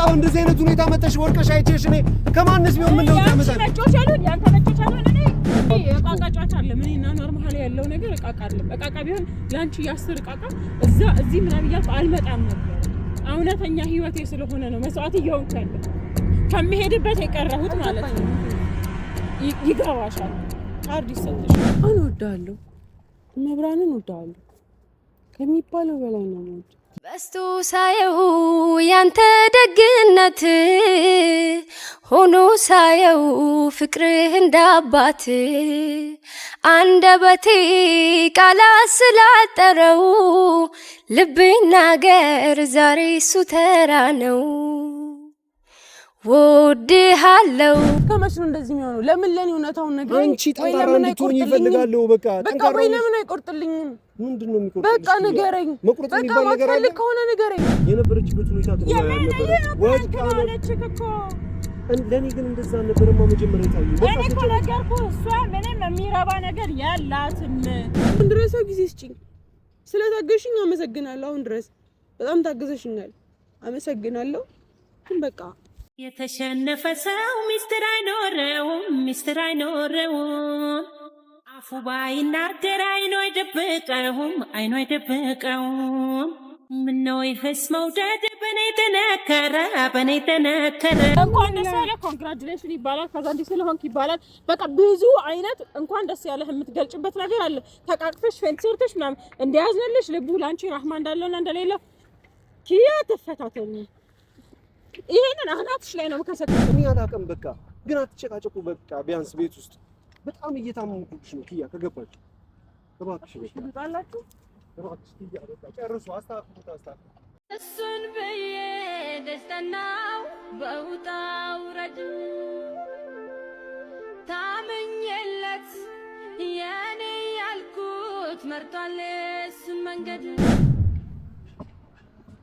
የመጣሁ እንደዚህ አይነት ሁኔታ መተሽ ወርቀሽ አይቼሽ እኔ ከማንስ ቢሆን ምን ለውጥ ያመጣል? ነጮች አሉን፣ ያንተ ነጮች አሉን። እኔ እቃቃ አለ ምን እና ኖርማል ያለው ነገር እቃቃ አይደለም። እቃቃ ቢሆን ለአንቺ የአስር እቃቃ እዛ እዚህ ምናምን እያልኩ አልመጣም ነበር። እውነተኛ ህይወቴ ስለሆነ ነው መስዋዕት እየሆንክ ያለው ከምሄድበት የቀረሁት ማለት ነው። ይገባሻል። ካርድ ይሰጥሻል። አንወዳለሁ፣ መብራንን ወዳለሁ ከሚባለው በላይ ነው። በስቱ ሳየው ያንተ ደግነት ሆኖ ሳየው ፍቅርህ እንዳባት አንደበቴ ቃላት ስላጠረው ልቤ ናገር ዛሬ እሱ ተራ ነው። ወድሃለው ከመች ነው እንደዚህ የሚሆነው? ለምን ለኔ እውነታውን ነገር አንቺ ጠንካራ እንድትሆኝ ይፈልጋለሁ። በቃ ጠንካራ ወይ ለምን አይቆርጥልኝም? ምንድን ነው የሚቆርጥ? በቃ ንገረኝ። መቁረጥ የሚባል ነገር አለ? ከሆነ ንገረኝ። የነበረችበት ሁኔታ ለእኔ ግን እንደዛ አልነበረማ። መጀመሪያ የታየው እኔ እኮ ነገርኩህ። እሷ ምንም የሚረባ ነገር አሁን ጊዜ ስጭኝ። ስለታገሽኝ አመሰግናለሁ። አሁን ድረስ በጣም ታግዘሽኛል፣ አመሰግናለሁ። ግን በቃ የተሸነፈ ሰው ሚስጥር አይኖረውም፣ ሚስጥር አይኖረውም። አፉ ባይናገር አይኖ አይደብቀውም፣ አይኖ አይደብቀውም። ምነው ይህስ መውደድ በኔ ተነከረ፣ በኔ ተነከረ። እንኳን ደስ ያለ ኮንግራጁሌሽን ይባላል። ከዛ እንዲህ ስለሆንክ ይባላል። በቃ ብዙ አይነት እንኳን ደስ ያለህ የምትገልጭበት ነገር አለ። ተቃቅፈሽ ፌንት ምናምን እንዲያዝነልሽ ልቡ ለአንቺ ራህማ እንዳለውና እንደሌለው ኪያ ተፈታተኝ ይሄንን አናትሽ ላይ ነው ከሰጠ እኔ አላውቅም። በቃ ግን አትጨቃጨቁ። በቃ ቢያንስ ቤት ውስጥ በጣም እየታመምኩብሽ ነው ኪያ። ከገባች እባክሽ በቃ እባክሽ ኪያ በቃ ጨርሱ። አስታክሙት፣ አስታክሙ። እሱን ብዬ ደስተናው በውጣ ውረድ ታመኝለት የኔ ያልኩት መርጧል እሱን መንገድ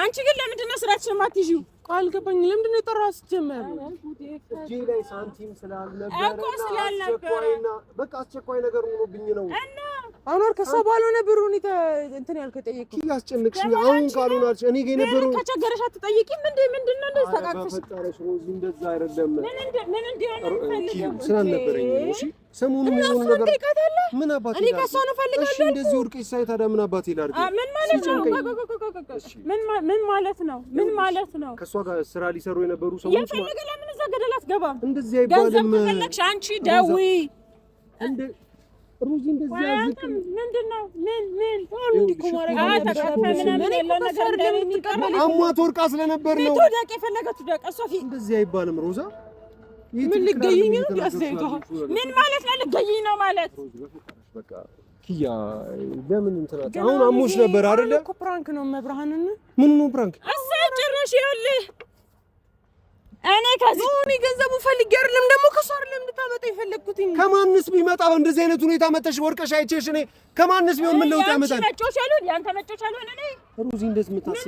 አንቺ ግን ለምንድን ነው ስራችን ማትይዢው? አልገባኝ። ለምንድን ነው የጠራኸው? ስትጀምር እጄ ላይ ሳንቲም ስላልነበረ በቃ አስቸኳይ ነገር ሆኖብኝ ነው። አንዋር ከእሷ ባልሆነ ብሩ እንትን ያልከው የጠየቅኩት ያስጨንቅሽኝ። አሁን ካልሆነ አልሽ እኔ ጋር የነበረው ከቸገረሽ አትጠይቂም። ምንድን ነው እንደዚህ ተቃቅፈሽ? እንደዛ አይደለም። ምን ስላልነበረኝ እሺ ነገር ምን አባቴ እኔ ከእሷ ነው እንደዚህ ሳይ ታዲያ ምን ምን ማለት ነው? ምን ማለት ነው? ምን ማለት ነው? ጋር ስራ ሊሰሩ የነበሩ ሰዎች የፈለገ ለምን እዛ ገደል አትገባም? እንደዚህ አይባልም። ገንዘብ ከፈለግሽ አንቺ ደውዪ እንደ ሩዚ እንደዚህ ያዝክ ምንድን ነው? ምን ምን ሁሉ ዲኩማራ አሟት ወርቃ ስለነበር ነው። ደቂ የፈለገችው ደቂ እሷ ፊት እንደዚህ አይባልም ሮዛ። ምን ልገይኝ ነው? ምን ማለት ነው? ልገይኝ ነው ማለት በቃ ኪያ ለምን እንትን አትል? አሁን አሞሽ ነበር አይደለ? እኮ ፕራንክ ነው። መብርሃንን ምን ነው ፕራንክ? እዛ ጭራሽ ይኸውልህ፣ እኔ ከዚህ ሆኒ ገንዘቡ ፈልጌ አይደለም ደግሞ ከሱ አይደለም እንድታመጣ የፈለግኩት። ከማንስ ቢመጣ እንደዚህ አይነት ሁኔታ መተሽ ወርቀሽ አይቼሽ እኔ ከማንስ ቢሆን ምን ለውጥ ያመጣል? መጮሽ ያሉት ያንተ መጮሽ ያሉት እኔ ሩዚ እንደዚህ የምታስበው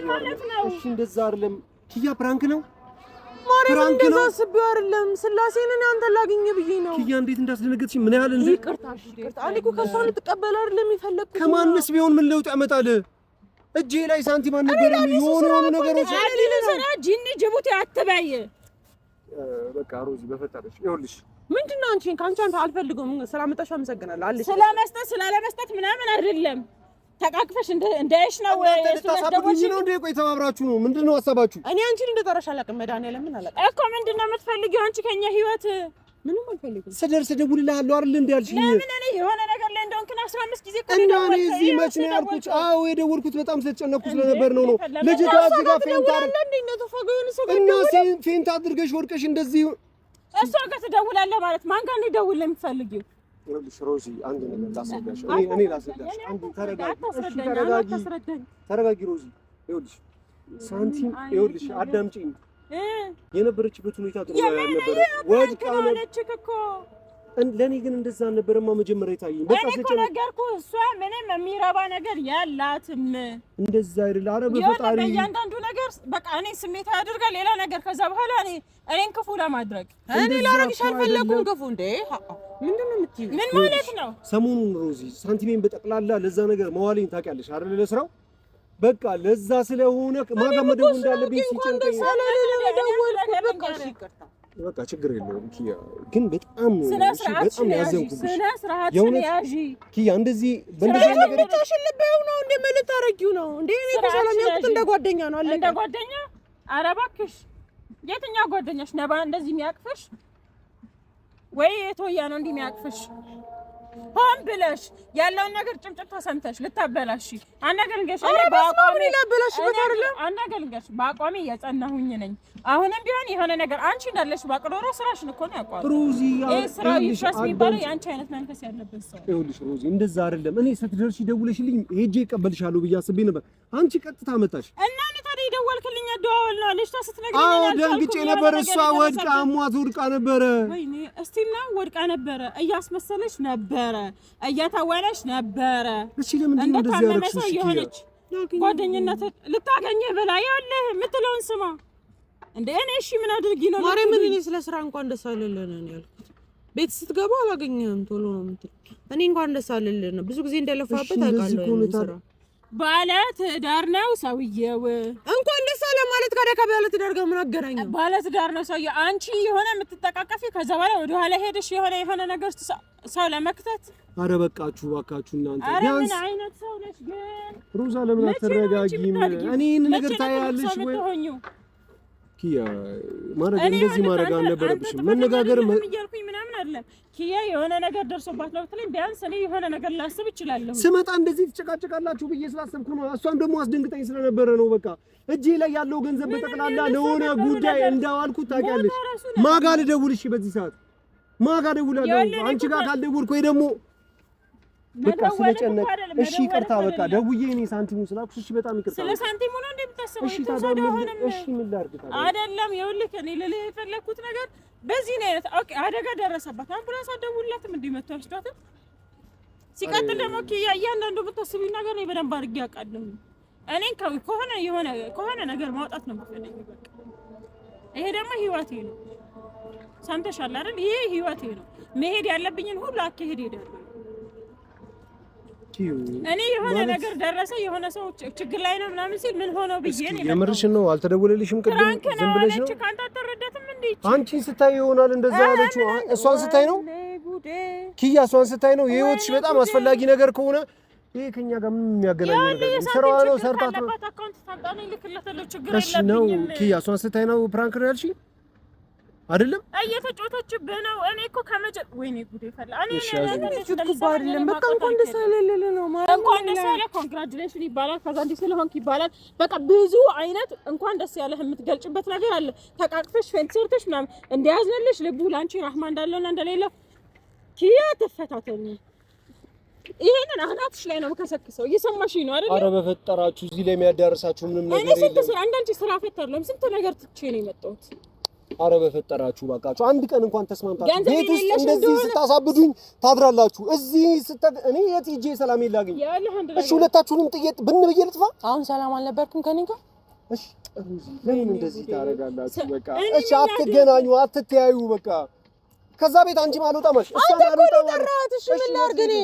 እሺ፣ እንደዛ አይደለም ኪያ ፕራንክ ነው ማርያም እንደዛ አስቤው አይደለም። ስላሴን እኔ አንተን ላግኝ ብዬ ነው። ኪያ እንዴት እንዳስደነገጥሽ ምን ያህል እንደ ይቅርታ ይቅርታ። እኔ እኮ ከእሷ ልትቀበል አይደለም የፈለግኩት። ከማንስ ቢሆን ምን ለውጥ ያመጣል? እጄ ላይ ሳንቲም አልነበረም። የሆነውም ነገሮች አዲል ስራ ጂኒ ጅቡቲ አትበይ። በቃ ሮዚ በፈጠረሽ ይኸውልሽ ምንድን ነው አንቺን ከአንቺ አንተ አልፈልግም ስላመጣሽ አመሰግናለሁ አለሽ። ስለመስጠት ስላለመስጠት ምናምን አይደለም ተቃቅፈሽ እንደሽ ነው ታሳብዱኝ ነው እንዴ? ቆይ ተባብራችሁ ነው ምንድን ነው ሀሳባችሁ? እኔ አንቺን እንደጠራሽ አላውቅም። መድኃኒዓለም ምን አላውቅም እኮ ምንድን ነው የምትፈልጊው አንቺ ከኛ ህይወት? ምንም አልፈልግም። ስደርስ እደውልልሃለሁ አይደል እንዴ ያልሽኝ? ለምን እኔ የሆነ ነገር ላይ እንደሆንክን አስራ አምስት ጊዜ እኮ እና እኔ እዚህ መች ነው ያልኩት? አዎ የደወልኩት በጣም ስለተጨነኩ ስለነበር ነው ነው ልጅ ታዝጋ ፌንታ እና ፌንታ አድርገሽ ወርቀሽ እንደዚህ እሷ ጋር ትደውላለህ ማለት ማን ጋር ነው ደውል የምትፈልጊው? ይኸውልሽ ሮዚ አንድ ነገር ላስረዳሽ፣ እኔ ላስረዳሽ። አንድ ተረጋጊ፣ እሺ ተረጋጊ፣ ተረጋጊ ሮዚ። ይኸውልሽ ሳንቲም፣ ይኸውልሽ አዳምጪኝ። የነበረችበት ሁኔታ ጥሩ ያልነበረ ወድቃ ነው ለእኔ ግን እንደዛ አልነበረማ መጀመሪያ የታየኝ። በቃ ነገርኩህ፣ እሷ ምንም የሚረባ ነገር ያላትም እንደዛ አይደል? ኧረ በፈጣሪ እያንዳንዱ ነገር በቃ እኔ ስሜት አድርጋ ሌላ ነገር። ከዛ በኋላ እኔ እኔን ክፉ ለማድረግ እኔ ላረግሽ አልፈለኩም። ክፉ እንዴ ምንድን ነው የምትይው? ምን ማለት ነው? ሰሞኑን ሮዚ ሳንቲሜን በጠቅላላ ለዛ ነገር መዋሌን ታውቂያለሽ አይደል? ለስራው በቃ ለዛ ስለሆነ ማጋመደው እንዳለብኝ ሲጨንቀኝ በቃ ችግር የለውም ኪያ። ግን በጣም በጣም ያዘንኩብሽ ኪያ። እንደዚህ በእንደዚህ ነገር ነው እንደ መልት አረጊው ነው እንደ እኔ ከሰላም እንደ ጓደኛ ነው አለ እንደ ጓደኛ። ኧረ እባክሽ የትኛው ጓደኛሽ ነባ እንደዚህ የሚያቅፍሽ ወይ የቶያ ነው እንዲህ የሚያቅፍሽ? ሆን ብለሽ ያለውን ነገር ጭምጭም ተሰምተሽ ልታበላሽ አንድ ነገር ልንገርሽ፣ አንድ ነገር ልንገርሽ፣ በአቋሚ የጸናሁኝ ነኝ። አሁንም ቢሆን የሆነ ነገር አንቺ እንዳለሽ ባቅዶሮ ስራሽን እኮ ነው ያቋል። ይህ ስራ ይሻስ የሚባለው የአንቺ አይነት መንፈስ ያለበት ሰው ይኸውልሽ፣ ሮዚ እንደዛ አይደለም። እኔ ስትደርሺ ደውለሽልኝ ሄጄ ይቀበልሻለሁ ብዬ አስቤ ነበር። አንቺ ቀጥታ መጣሽ እና እየደወልክልኝ አደዋወል ልጅቷ ስትነግረኝ፣ አዎ ደንግጬ ነበረ። እሷ ወድቃ አሟት ወድቃ ነበረ። ወይኔ እስቲና ወድቃ ነበረ። እያስመሰለች ነበረ፣ እየተወነች ነበረ። እሺ ለምንድን ነው እንደዚህ ያደረግሽ? የሆነች ጓደኝነት ልታገኘ ብላ ይኸውልህ የምትለውን ስማ። እንደ እኔ እሺ ምን አድርጊ ነው ምን እኔ ስለ ስራ እንኳን ደስ አለልን ነው ያልኩት። ቤት ስትገባ አላገኘህም ቶሎ ነው የምትል። እኔ እንኳን ደስ አለልን ብዙ ጊዜ እንደለፋበት አውቃለሁ። ባለ ትዳር ነው እንኳን ታዲያ ከባለትዳር ጋር ምን አገናኘው? ባለትዳር ነው ሰውዬው። አንቺ የሆነ የምትጠቃቀፊ ከዛ በኋላ ወደ ኋላ ሄደሽ የሆነ የሆነ ነገር ሰው ለመክተት አረ በቃችሁ እባካችሁ እናንተ። አረ ምን አይነት ሰው ነሽ ግን ሩዛ ለምን አትረጋጊም? እኔ ይህን ነገር ታያለሽ ወይ ኪያ ማድረግ እንደዚህ ማድረግ አልነበረብሽም። መነጋገር እያልኩኝ ምናምን አይደለም። ኪያ የሆነ ነገር ደርሶባት ነው ብትለኝ ቢያንስ እኔ የሆነ ነገር ላስብ እችላለሁ። ስመጣ እንደዚህ ትጨቃጨቃላችሁ ብዬ ስላሰብኩ ነው። እሷም ደግሞ አስደንግጠኝ ስለነበረ ነው። በቃ እጄ ላይ ያለው ገንዘብ በጠቅላላ ለሆነ ጉዳይ እንዳዋልኩ ታውቂያለሽ። ማጋ ልደውል? በዚህ ሰዓት ማጋ ደውላለሁ? አንቺ ጋር ካልደውልኩ ወይ ደግሞ በቃ ስለጨነቅ እሺ፣ ይቅርታ በቃ ደውዬ እኔ ሳንቲሙ ስላኩሽ፣ እሺ፣ በጣም ይቅርታ። ስለ ሳንቲሙ ነው እንደምታስበው? እሺ፣ ታዲያ ምን እሺ፣ ምን ላድርግ አይደለም ይኸውልህ፣ እኔ ልልህ የፈለኩት ነገር በዚህ ነው አይነት ኦኬ፣ አደጋ ደረሰባት፣ አምቡላንስ አትደውልላትም እንዴ? መጥቶ አይወስዷትም? ሲቀጥል ደግሞ ኪያ፣ እያንዳንዱ የምታስቢው ነገር እኔ በደንብ አድርጌ አውቃለሁ። እኔን ከሆነ የሆነ ከሆነ ነገር ማውጣት ነው የምትፈልጊው። በቃ ይሄ ደግሞ ህይወቴ ነው። ሰምተሻል አይደል? ይሄ ህይወቴ ነው። መሄድ ያለብኝን ሁሉ አካሄድ ሄዳለሁ። እኔ የሆነ ነገር ደረሰ የሆነ ሰው ችግር ላይ ነው ምናምን ሲል ምን ሆነው ብዬ ነው። የምርሽን ነው? አልተደወለልሽም? ቅድም ዝም ብለሽ ነው። ከአንተ አትረዳትም እንዴ? አንቺን ስታይ ይሆናል እንደዛ ያለችው። እሷን ስታይ ነው ኪያ፣ እሷን ስታይ ነው። የህይወትሽ በጣም አስፈላጊ ነገር ከሆነ ይሄ ከኛ ጋር ምን የሚያገናኘው ነገር ነው? ስራዋ ነው፣ ሰርታት ነው። ነው ኪያ፣ እሷን ስታይ ነው ፕራንክ ነው ያልሽኝ አይደለም እየተጫወተችብህ ነው። እኔ እኮ ከመጀ ወይኔ ጉዴ ፈላ። እኔ አይደለም በቃ እንኳን ደስ አለልህ ነው ማለት እንኳን ደስ ያለህ ኮንግራጁሌሽን ይባላል። ከዛ እንዲህ ስለሆንክ ይባላል። በቃ ብዙ አይነት እንኳን ደስ ያለህ የምትገልጭበት ነገር አለ። ተቃቅፈሽ ፌንት ሰርተሽ ምናምን እንደያዝንልሽ ልቡ ለአንቺ ራህማ እንዳለውና እንደሌለው ኪያ ተፈታተኝ። ይሄንን አናትሽ ላይ ነው ከሰክሰው። እየሰማሽኝ ነው አይደል? አረ በፈጠራችሁ እዚህ ላይ የሚያዳርሳችሁ ምንም ነገር የለም። እኔ ስንት ስራ እንዳንቺ ስራ ፈታለሁ። ስንት ነገር ትቼ ነው የመጣሁት አረ በፈጠራችሁ ባካችሁ አንድ ቀን እንኳን ተስማምታችሁ ቤት ውስጥ እንደዚህ ስታሳብዱኝ ታድራላችሁ። እዚህ ስተ እኔ የት ሂጄ ሰላም ላገኝ? እሺ ሁለታችሁንም ጥየት ብን ብዬ ልጥፋ? አሁን ሰላም አልነበርኩም ከኔ ጋር። እሺ ለምን እንደዚህ ታደርጋላችሁ? በቃ እሺ አትገናኙ፣ አትተያዩ። በቃ ከዛ ቤት አንቺም አልወጣም አልሽ፣ እሷም አልወጣም አልሽ። እሺ ምን ላድርግ እኔ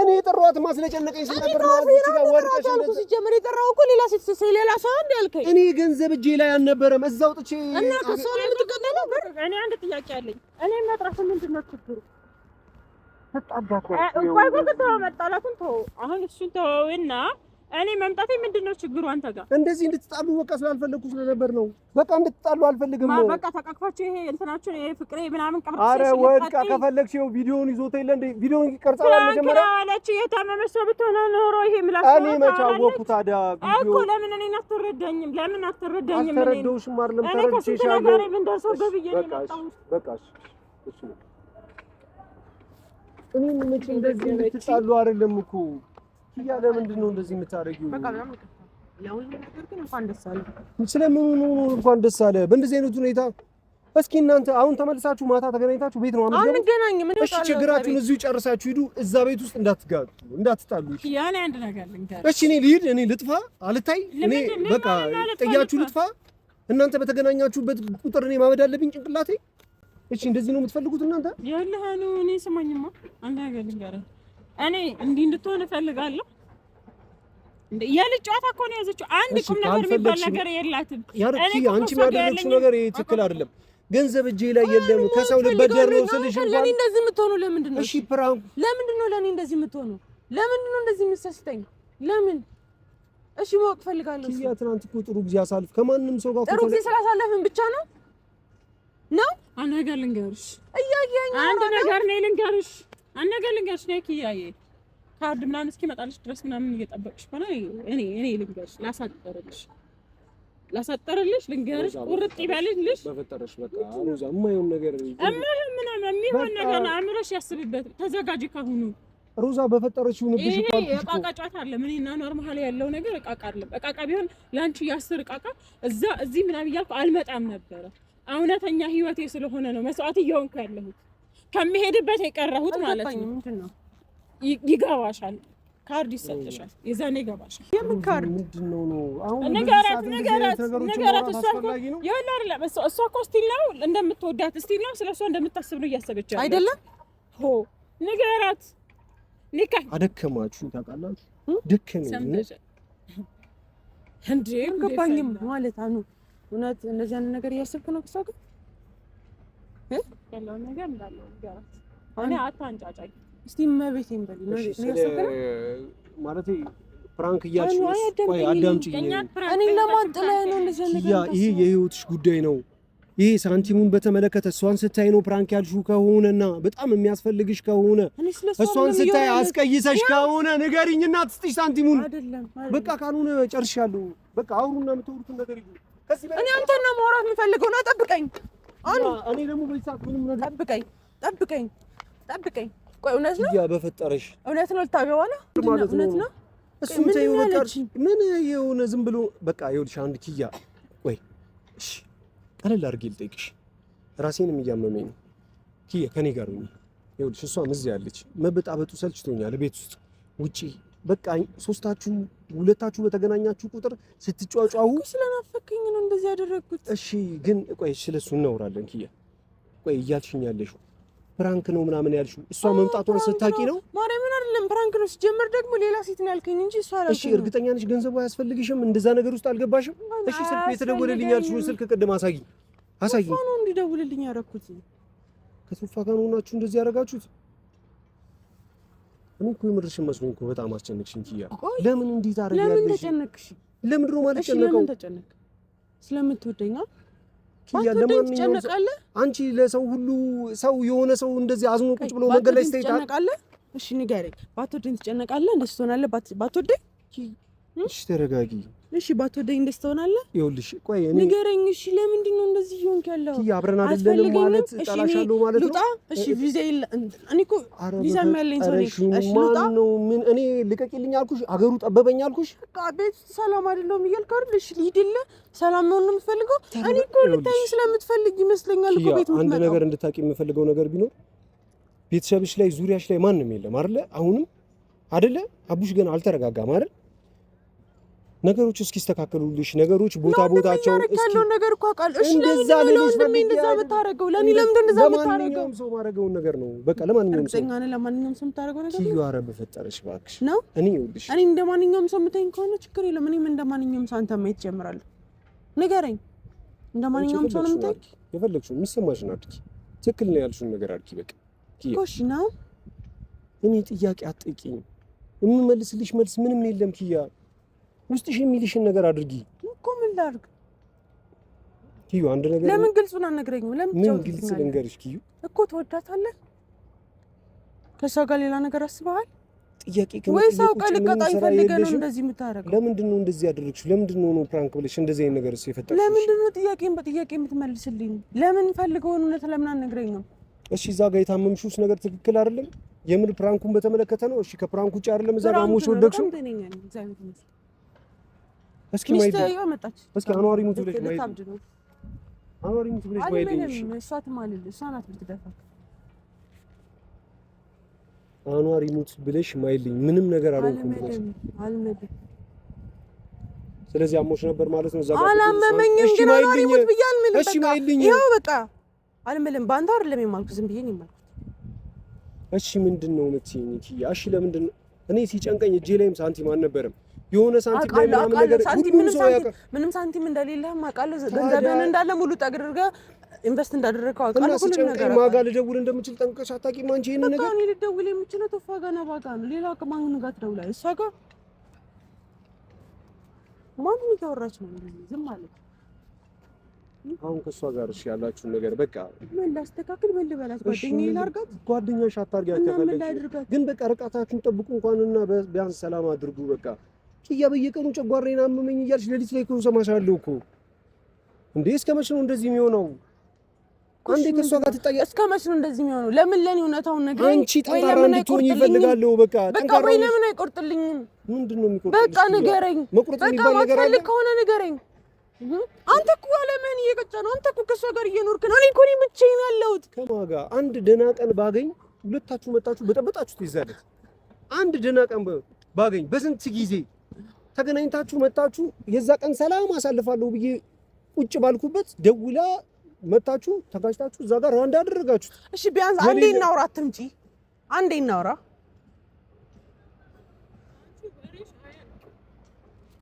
እኔ የጠራኋት ማስለጨነቀኝ ስለነበር ነው። እዚህ ጋር ወርቀሽ እንደዚህ ሲጀምር የጠራኸው እኮ ሌላ ሴት ስለ ሌላ ሰው እንደ ያልከኝ እኔ ገንዘብ እጄ ላይ አልነበረም። እዛው ጥቼ እና ከሰው ላይ የምትገደለው ብር። እኔ አንድ ጥያቄ አለኝ። እኔ መጥራት ምንድን ነው ችግሩ? ተጣዳኩ። እኮ አይቆጥተው ተው፣ ተው። አሁን እሱን ተወውና እኔ መምጣቴ ምንድነው ችግሩ? አንተ ጋር እንደዚህ እንድትጣሉ በቃ ስላልፈለኩ ስለነበር ነው። በቃ እንድትጣሉ አልፈልግም ነው። በቃ ተቃቅፋችሁ ይሄ እንትናችሁ ይሄ ፍቅሬ ምናምን ቀርጽ። አረ ወድቃ ከፈለግሽ ይኸው ቪዲዮውን ይዞት የለ እንዴ? ቪዲዮውን ይቀርጻል መጀመሪያ አለች። የታመመች ሰው ብትሆነ ኖሮ ይሄ ምላሽ እኔ መቼ አወኩ ታዲያ? ቪዲዮ እኮ ለምን እኔ አትረዳኝም? ለምን አትረዳኝም? አልተረዳሁሽም አይደለም ተረድቼሻለሁ። እኔ ምን ደርሰው በብዬ ነው የመጣሁት። በቃሽ እኔ ምን እንደዚህ እንድትጣሉ አይደለም እኮ ኪያ ለምንድን ነው እንደዚህ የምታደርጊው? ስለምኑ እንኳን ደስ አለ። በእንደዚህ አይነት ሁኔታ እስኪ እናንተ አሁን ተመልሳችሁ ማታ ተገናኝታችሁ ቤት ነው አምስት እሺ፣ ችግራችሁን እዚሁ ጨርሳችሁ ሂዱ። እዛ ቤት ውስጥ እንዳትጋጩ፣ እንዳትጣሉ። እሺ፣ እኔ ልሂድ፣ እኔ ልጥፋ፣ አልታይ፣ እኔ በቃ ጥያችሁ ልጥፋ። እናንተ በተገናኛችሁበት ቁጥር እኔ ማበድ አለብኝ ጭንቅላቴ። እሺ፣ እንደዚህ ነው የምትፈልጉት እናንተ? ያለህ እኔ ስማኝማ፣ አንድ ነገር ልንገርህ እኔ እንዲህ እንድትሆን እፈልጋለሁ። የልጅ ጨዋታ እኮ ነው የያዘችው። አንድ ቁም ነገር የሚባል ነገር የላትም። አንቺ ያደረግሽው ነገር ትክክል አይደለም። ገንዘብ እጄ ላይ የለም። ከሰው ልበደር ነው ስልሽ ለኔ እንደዚህ የምትሆኑ ለምንድን ነው? እሺ ፕራንክ ለምንድን ነው ለኔ እንደዚህ የምትሆኑ? ለምንድን ነው እንደዚህ የምትሰስተኝ? ለምን? እሺ ማወቅ ፈልጋለሁ። ትናንት እኮ ጥሩ ጊዜ አሳልፍ ከማንም ሰው ጋር ጥሩ ጊዜ ስላሳለፍን ብቻ ነው ነው አንድ ነገር ልንገርሽ፣ አንድ ነገር ነው ልንገርሽ አንድ ነገር ልንገርሽ ነኪ ያየ ካርድ ምናምን እስኪመጣልሽ ድረስ ምናምን እየጠበቅሽ ሆነ። እኔ እኔ ልንገርሽ ላሳጠርልሽ ላሳጠርልሽ ልንገርሽ ቁርጥ ይበልልሽ በፈጠረሽ በቃ ሮዛ የማይሆን ነገር እማይሆን ምናምን የሚሆን ነገር ነው። አእምሮሽ ያስብበት ተዘጋጅ ካሁኑ ሮዛ በፈጠረሽ ይሁንብሽ ይሄ እቃቃ ጨዋታ አለ ምን እና ኖር ኖርማል ያለው ነገር እቃቃ አለ። እቃቃ ቢሆን ለአንቺ ያስር እቃቃ እዛ እዚህ ምናምን እያልኩ አልመጣም ነበረ። እውነተኛ ህይወቴ ስለሆነ ነው መስዋዕት እየሆንኩ ያለሁት ከሚሄድበት የቀረሁት ማለት ነው። ይገባሻል። ካርድ ይሰጥሻል። የዛኔ ይገባሻል። የምን ካርድ ምንድነው ነው? ንገራት ንገራት ንገራት። እሷ እኮ ይኸውልህ አይደለም እሷ እኮ ስቲል ነው እንደምትወዳት ስቲል ነው ስለ እሷ እንደምታስብ ነው እያሰበች ያለው አይደለም። ሆ ንገራት። ኒካ አደከማችሁ ታውቃላችሁ። ደከመኝ እንዴ ገባኝም ማለት አኑ እውነት እንደዚህ አይነት ነገር እያሰብክ ነው ከሷ ጋር ያለውን ነገር እንዳለው ንገራት። እኔ አታንጫጫኝ እስቲ መቤቴን በል ማለት ፕራንክ እያልሽ አዳምጪ። እኔ ለማጥለያ ነው እንደዘለቀ ይሄ የህይወትሽ ጉዳይ ነው። ይሄ ሳንቲሙን በተመለከተ እሷን ስታይ ነው ፕራንክ ያልሽው ከሆነና በጣም የሚያስፈልግሽ ከሆነ እሷን ስታይ አስቀይሰሽ ከሆነ ንገሪኝና ትስጥሽ ሳንቲሙን። በቃ ካልሆነ ጨርሻለሁ። በቃ አውሩና የምትወሩትን ነገር ይሁን። እኔ አንተን ነው ማውራት የምፈልገው። ና ጠብቀኝ እኔ ደግሞ እውነት ነው በፈጠረሽ፣ እውነት ነው ዝም ብሎ በቃ ይኸውልሽ፣ አንድ ኪያ ወይ እሺ፣ ቀለል አድርጌ ልጠይቅሽ፣ ራሴንም እያመመኝ ነው። ኪያ ከኔ ጋር ሁኚ። ይኸውልሽ፣ እሷም እዚህ ያለች መበጣበጡ ሰልችቶኛል። ቤት ውስጥ ውጪ በቃ ሶስታችሁ ሁለታችሁ በተገናኛችሁ ቁጥር ስትጫጫሁ ስለናፈከኝ ነው እንደዚህ ያደረግኩት። እሺ ግን ቆይ ስለሱ እናወራለን። ኪያ ቆይ እያልሽኝ ያለሽው ፕራንክ ነው ምናምን ያልሽው እሷ መምጣቷን ስታቂ ነው ማርያምን? አይደለም ፕራንክ ነው። ሲጀምር ደግሞ ሌላ ሴት ነው ያልከኝ እንጂ እሷ አላልኩኝ። እሺ እርግጠኛ ነሽ ገንዘቡ አያስፈልግሽም? እንደዛ ነገር ውስጥ አልገባሽም? እሺ ስልክ የተደወለልኝ ያልሽው ስልክ ቅድም አሳጊ አሳጊ ነው እንዲደውልልኝ ያደረኩት ከሶፋ ጋር ሆናችሁ እንደዚህ ያደረጋችሁት እኔ እኮ የምርሽን መስሎኝ እኮ በጣም አስጨነቅሽኝ ኪያ። ለምን እንዴት አደረግሽ? ለምን ተጨነቅሽ? ለምን ድሮ ማለት ጨነቀው? ስለምትወደኛ ኪያ። ለማንኛውም አንቺ ለሰው ሁሉ ሰው የሆነ ሰው እንደዚህ አዝኖ ቁጭ ብሎ መንገድ ላይ ስትሄድ ትጨነቃለህ። እሺ ንገረኝ፣ ባትወደኝ ትጨነቃለህ? እንደሱ ትሆናለህ ባትወደኝ እሺ ተረጋጊ። እሺ ባትወደኝ እንደዚህ ትሆናለህ? ይኸውልሽ ቆይ እኔ ንገረኝ። እሺ ለምንድን ነው እንደዚህ እየሆንክ ያለው? አብረን አይደለንም ማለት እጠላሻለሁ ማለት ነው? ልውጣ? እሺ ቪዛ ይል እኔ እኮ ቪዛ ያለኝ ሰው ነኝ። እሺ ልውጣ ነው? ምን እኔ ልቀቂልኝ አልኩሽ? አገሩ ጠበበኝ አልኩሽ? በቃ ቤት ሰላም አይደለም እያልክ አይደል? እሺ ልሂድልህ? ሰላም ነው የምፈልገው። እኔ እኮ ልታይ ስለምትፈልግ ይመስለኛል እኮ ቤት የምትመጣው። አንድ ነገር እንድታቂ የምፈልገው ነገር ቢኖር ቤተሰብሽ ላይ ዙሪያሽ ላይ ማንም የለም አይደለ? አሁንም አይደለ? አቡሽ ገና አልተረጋጋም አይደል? ነገሮች እስኪስተካከሉልሽ ነገሮች ቦታ ቦታቸው እስኪ ያለውን ነገር እኮ አውቃለሁ። እሺ እንደዛ ለምን እንደዛ የምታረገው ለኔ ለምን እንደዛ የምታረገው ሰው ማረገው ነገር ነው። በቃ ለማንኛውም ሰው እኛ ለማንኛውም ሰው የምታረገው ነገር ነው። ኧረ በፈጠረሽ እባክሽ ነው። እኔ ይኸውልሽ እኔ እንደማንኛውም ሰው የምታይኝ ከሆነ ችግር የለም። እኔም እንደማንኛውም ሰው አንተ ማየት ጀምራለሁ። ንገረኝ፣ እንደማንኛውም ሰው ነው የምታይኝ። የፈለግሽውን የሚሰማሽን አድርጊ። ትክክል ነው ያልሽውን ነገር አድርጊ። በቃ እሺ ነው። እኔ ጥያቄ አትጠይቂኝ። የምመልስልሽ መልስ ምንም የለም ኪያ ውስጥሽ የሚልሽን ነገር አድርጊ እኮ። ምን ላድርግ? ኪዩ አንድ ነገር ለምን ግልጹን አትነግረኝም? ለምን ምን ግልጽ ልንገርሽ? ኪዩ እኮ ትወዳታለህ። ከእሷ ጋር ሌላ ነገር አስበሃል? ጥያቄ ወይስ አውቀህ ልትቀጣኝ ፈልገህ ነው እንደዚህ የምታደርገው? ለምንድን ነው እንደዚህ ያደረግሽው? ለምንድን ነው ፕራንክ ብለሽ እንደዚህ አይነት ነገር የፈጠርሽው? ለምንድን ነው ጥያቄን በጥያቄ የምትመልስልኝ? ለምን ፈልገውን እውነት ለምን አትነግረኝም? እሺ እዛ ጋር የታመምሽውስ ነገር ትክክል አይደለም። የምን ፕራንኩን በተመለከተ ነው። እሺ ከፕራንኩ ውጭ አይደለም እዛ ጋር ሞሽ ወደቅሽው እስኪ ማይድ እስኪ አንዋሪ ሙት ብለሽ ማይድ አንዋሪ ሙት ብለሽ ማይድ አንዋሪ ሙት ብለሽ ማይልኝ ምንም ነገር አልሆንኩም ብለሽ ስለዚህ አሞሽ ነበር ማለት ነው። እዛ ጋር አላመመኝም፣ ግን አንዋሪ ሙት ብያል ምንም እሺ ማይልኝ ይኸው በቃ አልምልም። በአንተ አይደለም የማልኩት ዝም ብዬ ነው የማልኩት። እሺ ምንድን ነው የምትይኝ? እሺ ለምንድን ነው እኔ ሲጨንቀኝ እጄ ላይም ሳንቲም አልነበረም። የሆነ ሳንቲም ላይ ምናምን ነገር ሁሉም ሰው ያውቃል። ምንም ሳንቲም እንደሌለህም አውቃለሁ። ገንዘብህን እንዳለ ሙሉ ጠግርገህ ኢንቨስት እንዳደረግከው አውቃለሁ። ሁሉም ነገር ማጋ ልደውል እንደምችል ጠንቀሽ አታውቂም አንቺ። ይሄን ነገር እኔ ልደውል የምችለው ተፋ ገና ባጋ ነው። ሌላ ከማን ጋር ትደውላለህ? እሷ ጋር ማንም እያወራች ነው። እንደዚህ ዝም ማለት አሁን ከእሷ ጋር እሺ፣ ያላችሁን ነገር በቃ ምን ላስተካክል፣ ምን ልበላት፣ ጓደኛዬ ላድርጋት፣ ጓደኛሽ አታድርጊ፣ ግን በቃ ርቀታችሁን ጠብቁ እንኳንና ቢያንስ ሰላም አድርጉ በቃ ኪያ በየቀኑ ጨጓራዬን አመመኝ እያልሽ ሌሊት ላይ እኮ ሰማሻለሁ እኮ እንዴ። እስከ መቼ ነው እንደዚህ የሚሆነው? አንዴ ከእሷ ጋር ትጣያ። እስከ መቼ ነው እንደዚህ የሚሆነው? ለምን ለኔ እውነታውን ነገር አንቺ ጠንካራ እንድትሆኝ ይፈልጋለሁ። በቃ በቃ ወይ ለምን አይቆርጥልኝም? ምንድን ነው የሚቆርጥልኝ? በቃ ንገረኝ። መቁረጥ የሚባል ነገር አለ ከሆነ ንገረኝ። አንተ እኮ አለምን እየቀጨ ነው። አንተ እኮ ከእሷ ጋር እየኖርክ ነው። እኔ እኮ እኔ ብቻዬን ያለሁት ከማን ጋር? አንድ ደህና ቀን ባገኝ ሁለታችሁ መጣችሁ በጠበጣችሁ ትይዛለች። አንድ ደህና ቀን ባገኝ በስንት ጊዜ ተገናኝታችሁ መጣችሁ የዛ ቀን ሰላም አሳልፋለሁ ብዬ ቁጭ ባልኩበት ደውላ መታችሁ ተጋጭታችሁ እዛ ጋር ራንድ አደረጋችሁ። እሺ ቢያንስ አንዴ እናውራ፣ አትምጪ፣ አንዴ እናውራ።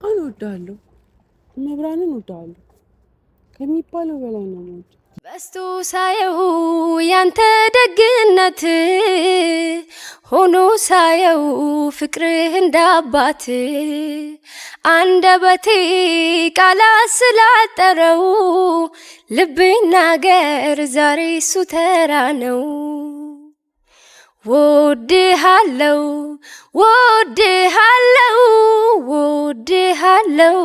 አንወዳለሁ፣ መብራንን ወዳለሁ ከሚባለው በላይ ነው። በስቶ ሳየው ያንተ ደግነት ሆኖ ሳየው ፍቅርህ እንዳባት አንደበቴ ቃላት ስላጠረው ልብ ናገር ዛሬ እሱ ተራ ነው። ወድሃለው ወድሃለው ወድሃለው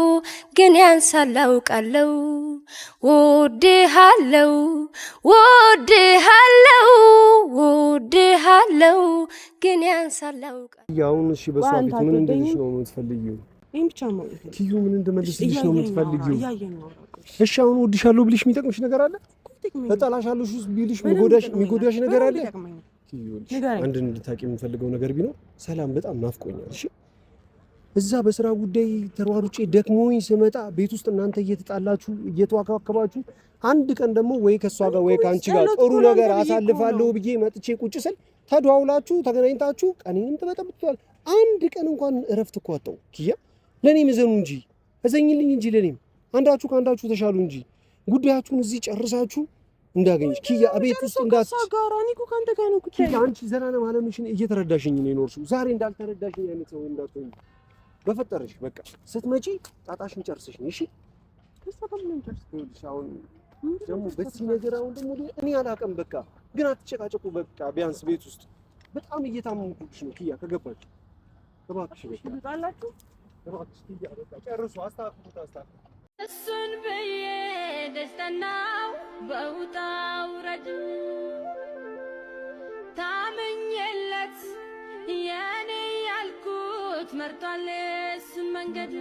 ግን ያንሳላውቃለው። ወድሃለው ወድሃለው ወድሃለው ግን ያንሳል አውቃ ያውን እሺ በሷ ፊት ምን እንደዚህ ነው የምትፈልጊው? ይሄን ብቻ ነው ትዩ ምን እንደመለስልሽ ነው የምትፈልጊው? እሺ አሁን ወድሻለሁ ብልሽ የሚጠቅምሽ ነገር አለ? እጠላሻለሁ ብልሽ የሚጎዳሽ ነገር አለ? አንድ እንድታቂ የምፈልገው ነገር ቢኖር ሰላም በጣም ናፍቆኛል። እሺ እዛ በስራ ጉዳይ ተሯሩጬ ደክሞኝ ስመጣ ቤት ውስጥ እናንተ እየተጣላችሁ እየተዋካከባችሁ አንድ ቀን ደግሞ ወይ ከእሷ ጋር ወይ ከአንቺ ጋር ጥሩ ነገር አሳልፋለሁ ብዬ መጥቼ ቁጭ ስል ተደዋውላችሁ ተገናኝታችሁ ቀኔንም ትበጠብቷል። አንድ ቀን እንኳን እረፍት እኮ አጣሁ። ኪያ ለእኔም እዘኑ እንጂ እዘኝልኝ እንጂ ለእኔም አንዳችሁ ከአንዳችሁ ተሻሉ እንጂ ጉዳያችሁን እዚህ ጨርሳችሁ እንዳገኝሽ ኪያ እቤት ውስጥ ጋር ነው ኪያ አንቺ ዘና ለማለምሽን እየተረዳሽኝ ነው የኖርሽው። ዛሬ እንዳልተረዳሽኝ አይነት ሰው እንዳትሆኝ በፈጠረሽ በቃ ስትመጪ ጣጣሽን ጨርስሽ ነው። እሺ አሁን ደግሞ በዚህ ነገር አሁን ደግሞ እኔ አላውቅም። በቃ ግን አትጨቃጨቁ። በቃ ቢያንስ ቤት ውስጥ በጣም እየታመምኩብሽ ነው ኪያ፣ ከገባች እባክሽ በቃ እባክሽ ኪያ በቃ ጨርሱ፣ አስተካክሉት፣ እሱን ብዬ ደስተናው በውጣ ውረድ ታመኝለት የኔ ህይወት መርጧል እሱን መንገድ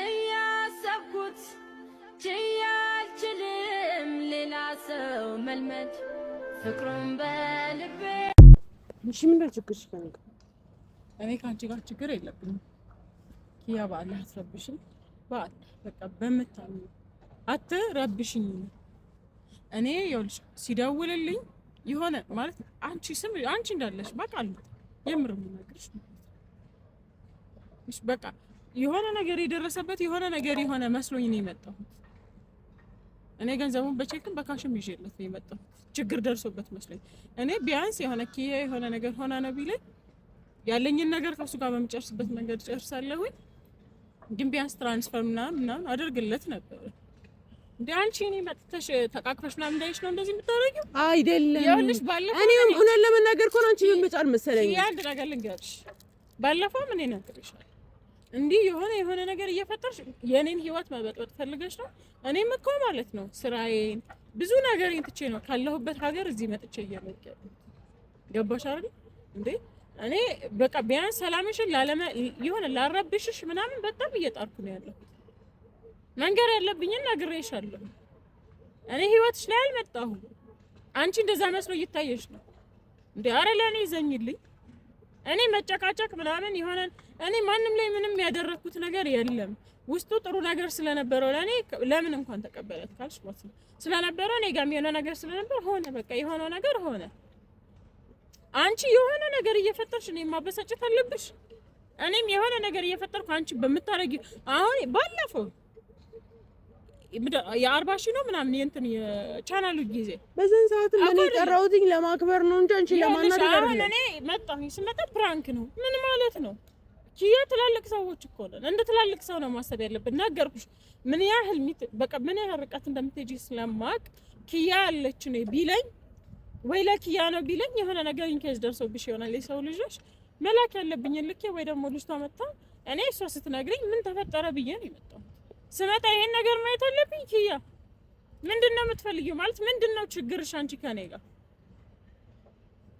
እያሰብኩት ችዬ አልችልም ሌላ ሰው መልመድ ፍቅሩን በልቤ እሺ ምን ነው ችግርሽ እኔ ከአንቺ ጋር ችግር የለብኝም ኪያ በአላህ አትረብሽኝ በአል በቃ በምታምኚው አትረብሽኝ እኔ ይኸውልሽ ሲደውልልኝ የሆነ ማለት አንቺ ስም አንቺ እንዳለሽ በቃ የምር የምናገርሽ በቃ የሆነ ነገር የደረሰበት የሆነ ነገር የሆነ መስሎኝ ነው የመጣሁት። እኔ ገንዘቡን በቼክም በካሽም ይዤለት ነው የመጣሁት። ችግር ደርሶበት መስሎኝ እኔ ቢያንስ የሆነ ኪያ የሆነ ነገር ሆነ ነው ቢለኝ ያለኝን ነገር ከሱ ጋር በምጨርስበት መንገድ ጨርሳለሁኝ። ግን ቢያንስ ትራንስፈር ምናምን ምናምን አደርግለት ነበር። እንደ አንቺ እኔ መጥተሽ ተቃቅፈሽ ምናምን እንዳይሽ ነው እንደዚህ የምታደርጊው? አይደለም። ይኸውልሽ ባለፈው እኔ እውነት ለመናገር እኮ ነው አንቺ የምጫል መሰለኝ። አንድ ነገር ልንገርሽ፣ ባለፈው ምን ነግሬሻለሁ፣ እንዲህ የሆነ የሆነ ነገር እየፈጠርሽ የእኔን ህይወት መበጥበጥ ፈልገሽ ነው። እኔም እኮ ማለት ነው ስራዬን ብዙ ነገር ትቼ ነው ካለሁበት ሀገር እዚህ መጥቼ እየመጣ ገባሽ አይደል እንዴ? እኔ በቃ ቢያንስ ሰላምሽን ላለመ የሆነ ላረብሽሽ ምናምን በጣም እየጣርኩ ነው ያለሁት መንገር ያለብኝን ነግሬሻለሁ። እኔ ህይወትሽ ላይ አልመጣሁም። አንቺ እንደዛ መስሎ እየታየሽ ነው እንዴ? አረ ለእኔ ይዘኝልኝ። እኔ መጨቃጨቅ ምናምን ይሆናል። እኔ ማንም ላይ ምንም ያደረግኩት ነገር የለም። ውስጡ ጥሩ ነገር ስለነበረው ለእኔ ለምን እንኳን ተቀበለት ካልሽ ማለት ነው እኔ ጋም የሆነ ነገር ስለነበር ሆነ፣ በቃ የሆነው ነገር ሆነ። አንቺ የሆነ ነገር እየፈጠርሽ እኔ ማበሳጨት አለብሽ። እኔም የሆነ ነገር እየፈጠርኩ አንቺ በምታረጊ አሁን ባለፈው የአርባ ሺህ ነው ምናምን የእንትን የቻናሉ ጊዜ በዛን ሰዓት ምን የጠራሁትኝ ለማክበር ነው እንጂ አንቺ ለማናት አሁን እኔ መጣሁ። ስመጣ ፕራንክ ነው ምን ማለት ነው? ኪያ ትላልቅ ሰዎች እኮ ነን። እንደ ትላልቅ ሰው ነው ማሰብ ያለብን። ነገርኩሽ ምን ያህል በቃ ምን ያህል ርቀት እንደምትሄጂ ስለማቅ ኪያ አለች ነው ቢለኝ ወይ ለኪያ ነው ቢለኝ የሆነ ነገር ኢንኬዝ ደርሶብሽ ይሆናል። የሰው ልጆች መላክ ያለብኝ ልኬ ወይ ደግሞ ልጅቷ መጥታ እኔ እሷ ስትነግረኝ ምን ተፈጠረ ብዬ ነው የመጣው ስመጣ ይሄን ነገር ማየት አለብኝ። ኪያ ምንድን ነው የምትፈልጊው? ማለት ምንድን ነው ችግርሽ? አንቺ ከኔ ጋር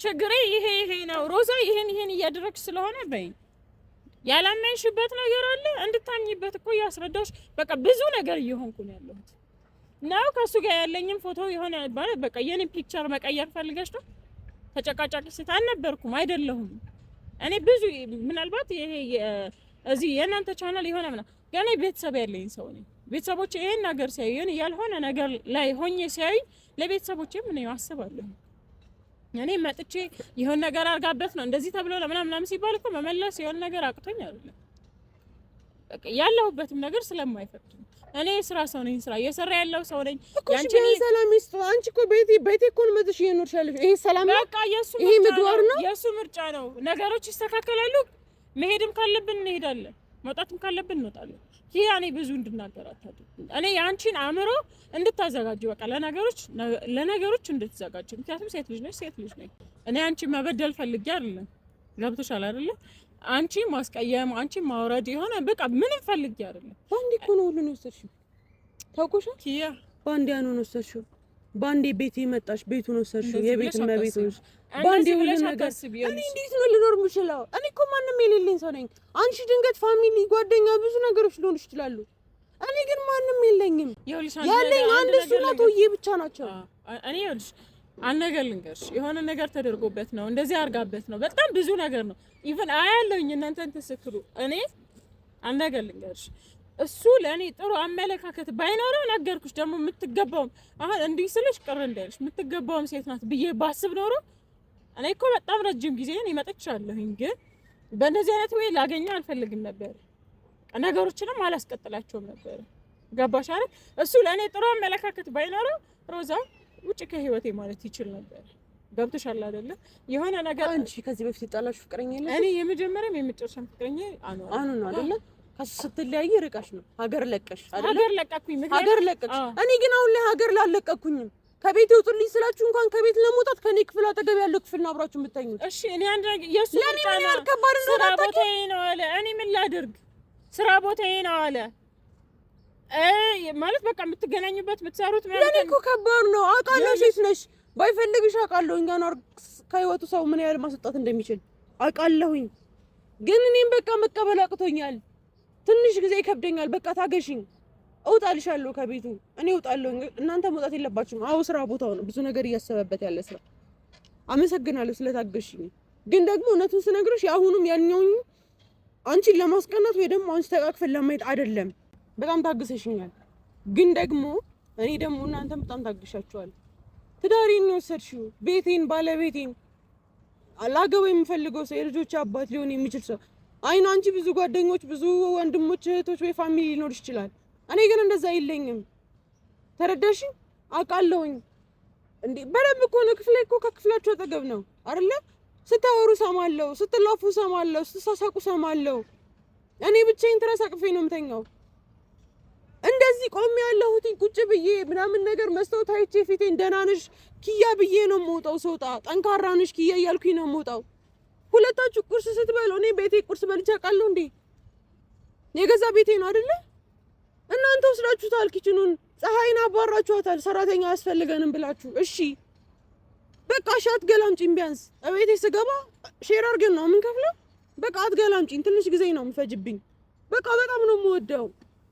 ችግሬ ይሄ ይሄ ነው። ሮዛ ይሄን ይሄን እያደረግሽ ስለሆነ በይ ያላመንሽበት ነገር አለ እንድታምኝበት እኮ እያስረዳሁሽ። በቃ ብዙ ነገር እየሆንኩ ነው ያለሁት ነው ከእሱ ጋር ያለኝም ፎቶ የሆነ ማለት በቃ የኔን ፒክቸር መቀየር ፈልገሽ ነው። ተጨቃጫቂ ሴት አልነበርኩም አይደለሁም እኔ ብዙ ምናልባት ይሄ እዚህ የእናንተ ቻናል የሆነ ምናምን ገና ቤተሰብ ያለኝ ሰው ነኝ። ቤተሰቦች ይሄን ነገር ሲያዩን ያልሆነ ነገር ላይ ሆኜ ሲያዩኝ ለቤተሰቦቼም ምን አስባለሁ። እኔ መጥቼ የሆን ነገር አርጋበት ነው እንደዚህ ተብሎ ለምናምናም ሲባል እኮ መመለስ የሆን ነገር አቅቶኝ አይደለም። በቃ ያለሁበትም ነገር ስለማይፈቅድ እኔ ስራ ሰው ነኝ፣ ስራ እየሰራ ያለው ሰው ነኝ። ያንቺ ነው ሰላም ይስጥ። አንቺ እኮ ቤቴ ቤቴ እኮ ነው መጥሽ እየኖርሽ ይሄ ሰላም በቃ የሱ ምግባር ነው፣ የሱ ምርጫ ነው። ነገሮች ይስተካከላሉ። መሄድም ካለብን እንሄዳለን። መውጣትም ካለብን እንወጣለን። ይህ እኔ ብዙ እንድናገር አታድርጉኝ። እኔ የአንቺን አእምሮ እንድታዘጋጅ በቃ ለነገሮች ለነገሮች እንድትዘጋጅ። ምክንያቱም ሴት ልጅ ነች፣ ሴት ልጅ ነች። እኔ። አንቺን መበደል ፈልጌ አይደለም፣ ገብቶሻል አይደለም? አንቺ ማስቀየም፣ አንቺ ማውረድ የሆነ በቃ ምንም ፈልጌ አይደለም። በአንዴ እኮ ነው ሁሉን ወሰድሽው። ታውቆሻል። ያ በአንዴ ያኑን ወሰድሽው ባንዴ ቤት የመጣሽ ቤቱን ወሰድሽው፣ የቤት እመቤት ሆንሽ። ባንዴ ሁሉ ነገር እኔ እንዴት ነው ልኖር የምችለው? እኔ እኮ ማንም የሌለኝ ሰው ነኝ። አንቺ ድንገት ፋሚሊ፣ ጓደኛ፣ ብዙ ነገሮች ሊሆን ይችላሉ። እኔ ግን ማንም የለኝም። ያለኝ አንድ እሱና ቶዬ ብቻ ናቸው። እኔ ይኸውልሽ አንድ ነገር ልንገርሽ፣ የሆነ ነገር ተደርጎበት ነው እንደዚህ አርጋበት ነው። በጣም ብዙ ነገር ነው ኢቭን አያለሁኝ። እናንተን ተስክሩ። እኔ አንድ ነገር ልንገርሽ እሱ ለእኔ ጥሩ አመለካከት ባይኖረው ነገርኩሽ። ደግሞ የምትገባውም አሁን እንዲህ ስልሽ ቅር እንዳይልሽ የምትገባውም ሴት ናት ብዬ ባስብ ኖሮ እኔ እኮ በጣም ረጅም ጊዜን ይመጥቻለሁኝ፣ ግን በእንደዚህ አይነት ወይ ላገኘ አልፈልግም ነበር፣ ነገሮችንም አላስቀጥላቸውም ነበር። ገባሽ አይደል? እሱ ለእኔ ጥሩ አመለካከት ባይኖረው ሮዛ ውጭ ከህይወቴ ማለት ይችል ነበር። ገብቶሻል አይደለ? የሆነ ነገር አንቺ ከዚህ በፊት የጣላሽ ፍቅረኛ የለም። እኔ የመጀመሪያም የመጨረሻም ፍቅረኛ አኑ ነው አይደለ? ስትለያይ ርቀሽ ነው ሀገር ለቀሽ ሀገር ለቀኩኝ ሀገር ለቀሽ እኔ ግን አሁን ላይ ሀገር ላለቀኩኝም ከቤት ይውጡልኝ ስላችሁ እንኳን ከቤት ለመውጣት ከኔ ክፍል አጠገብ ያለው ክፍል ነው አብራችሁ የምትተኙት እሺ እኔ አንድ የሱ ለኔ ምን ያህል ከባድ እንደሆነ ቦታዬ ነው አለ እኔ ምን ላድርግ ስራ ቦታዬ ነው አለ ማለት በቃ የምትገናኙበት የምትሰሩት ለኔ እኮ ከባድ ነው አውቃለሁ ሴት ነሽ ባይፈልግሽ አውቃለሁ እኛን ከህይወቱ ሰው ምን ያህል ማስወጣት እንደሚችል አውቃለሁኝ ግን እኔም በቃ መቀበል አቅቶኛል ትንሽ ጊዜ ይከብደኛል። በቃ ታገሽኝ፣ እውጣልሻለሁ ከቤቱ እኔ እውጣለሁ። እናንተ መውጣት የለባችሁም። አዎ ስራ ቦታው ነው ብዙ ነገር እያሰበበት ያለ ስራ። አመሰግናለሁ ስለታገሽኝ። ግን ደግሞ እውነቱን ስነግርሽ የአሁኑም ያኛውኝ አንቺን ለማስቀናት ወይ ደግሞ አንቺ ተቃቅፈን ለማየት አይደለም። በጣም ታግሰሽኛል። ግን ደግሞ እኔ ደግሞ እናንተም በጣም ታግሻችኋል። ትዳሬን ነው የወሰድሽው፣ ቤቴን፣ ባለቤቴን፣ ላገባ የምፈልገው ሰው፣ የልጆች አባት ሊሆን የሚችል ሰው አይን አንቺ ብዙ ጓደኞች፣ ብዙ ወንድሞች፣ እህቶች ወይ ፋሚሊ ሊኖር ይችላል። እኔ ግን እንደዛ የለኝም። ተረዳሽ? አውቃለሁኝ እንዴ በደንብ እኮ ነው። ክፍሌ እኮ ከክፍላችሁ አጠገብ ነው አይደለ? ስታወሩ ሰማለሁ፣ ስትላፉ ሰማለሁ፣ ስትሳሳቁ ሰማለሁ። እኔ ብቻዬን ትራስ አቅፌ ነው የምተኛው። እንደዚህ ቆሜ ያለሁትኝ ቁጭ ብዬ ምናምን ነገር መስታወት አይቼ ፊቴን ደህና ነሽ ኪያ ብዬ ነው የምወጣው። ስወጣ ጠንካራ ነሽ ኪያ እያልኩኝ ነው የምወጣው። ሁለታችሁ ቁርስ ስትበሉ እኔ ቤቴ ቁርስ በልቼ አውቃለሁ እንዴ? የገዛ ቤቴ ነው አይደለ? እናንተ ወስዳችሁታል፣ ኪችኑን ፀሐይን አባራችኋታል። ሰራተኛ አያስፈልገንም ብላችሁ እሺ፣ በቃ እሺ፣ አትገላምጪኝ። ቢያንስ እቤቴ ስገባ ሼር አድርገን ነው የምንከፍለው። በቃ አትገላምጪኝ። ትንሽ ጊዜ ነው የምፈጅብኝ። በቃ በጣም ነው የምወደው።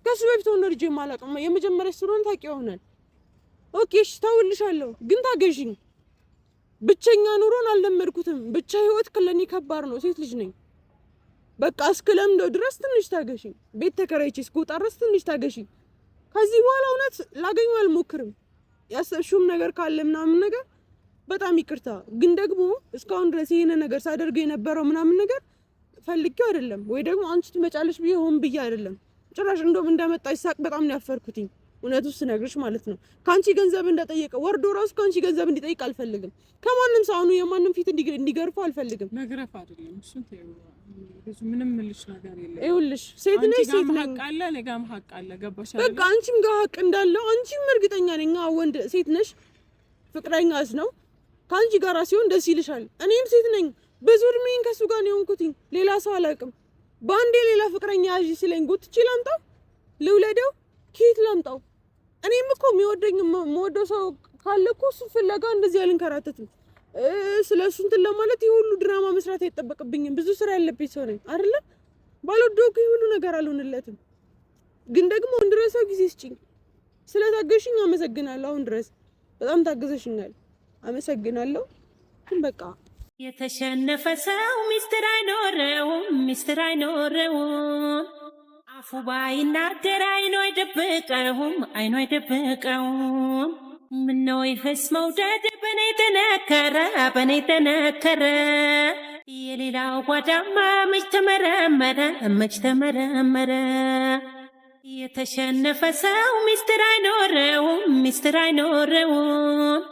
ከሱ በፊት ሆነ ልጅ የማላውቀው የመጀመሪያ ስለሆነ ታውቂ ይሆናል። ኦኬ፣ እሺ፣ ተውልሻለሁ፣ ግን ታገዥኝ ብቸኛ ኑሮን አልለመድኩትም። ብቻ ህይወት ክለኒ ከባድ ነው። ሴት ልጅ ነኝ። በቃ እስክለምደው ድረስ ትንሽ ታገሺ። ቤት ተከራይቼ እስክወጣ ድረስ ትንሽ ታገሺ። ከዚህ በኋላ እውነት ላገኙ አልሞክርም። ያሰብሽውም ነገር ካለ ምናምን ነገር በጣም ይቅርታ። ግን ደግሞ እስካሁን ድረስ ይሄን ነገር ሳደርገው የነበረው ምናምን ነገር ፈልጌው አይደለም ወይ ደግሞ አንቺ ትመጫለሽ ብዬ ሆን ብዬ አይደለም። ጭራሽ እንደውም እንዳመጣ ይሳቅ በጣም ነው ያፈርኩትኝ። እውነቱ ስነግርሽ ማለት ነው። ከአንቺ ገንዘብ እንደጠየቀ ወርዶ ራሱ ከአንቺ ገንዘብ እንዲጠይቅ አልፈልግም። ከማንም ሰው አሁኑ የማንም ፊት እንዲገርፉ አልፈልግም። መግረፍ አይደለም እሱ ምንም ምልሽ ነገር የለም። ይኸውልሽ ሴት ነሽ፣ ሴት ነኝ። በቃ አንቺም ጋር ሀቅ እንዳለው አንቺም እርግጠኛ ነኝ። ወንድ ሴት ነሽ፣ ፍቅረኛሽ ነው። ከአንቺ ጋራ ሲሆን ደስ ይልሻል። እኔም ሴት ነኝ። ብዙ እድሜን ከእሱ ጋር ነው የሆንኩትኝ። ሌላ ሰው አላውቅም። በአንዴ ሌላ ፍቅረኛ ያዥ ሲለኝ ጎትቼ ላምጣው ልውለደው ከየት ላምጣው? እኔም እኮ የሚወደኝ የምወደው ሰው ካለ እኮ እሱ ፍለጋ እንደዚህ አልንከራተትም። ስለ እሱ እንትን ለማለት የሁሉ ድራማ መስራት አይጠበቅብኝም። ብዙ ስራ ያለብኝ ሰው ነኝ አይደለ? ባልወደው እኮ ሁሉ ነገር አልሆንለትም። ግን ደግሞ አሁን ድረስ ጊዜ ስጭኝ። ስለታገሽኝ አመሰግናለሁ። አሁን ድረስ በጣም ታገዘሽኛል፣ አመሰግናለሁ። ግን በቃ የተሸነፈ ሰው ሚስጥር አይኖረውም፣ ሚስጥር አይኖረውም። አፉ ባይናገር አይኖ አይደብቀውም አይኖ አይደብቀውም። ምነው ይህስ መውደድ በኔ ተነከረ በኔ ተነከረ። የሌላው ጓዳማ መች ተመረመረ መች ተመረመረ። የተሸነፈ ሰው ሚስጥር አይኖረውም ሚስጥር አይኖረውም።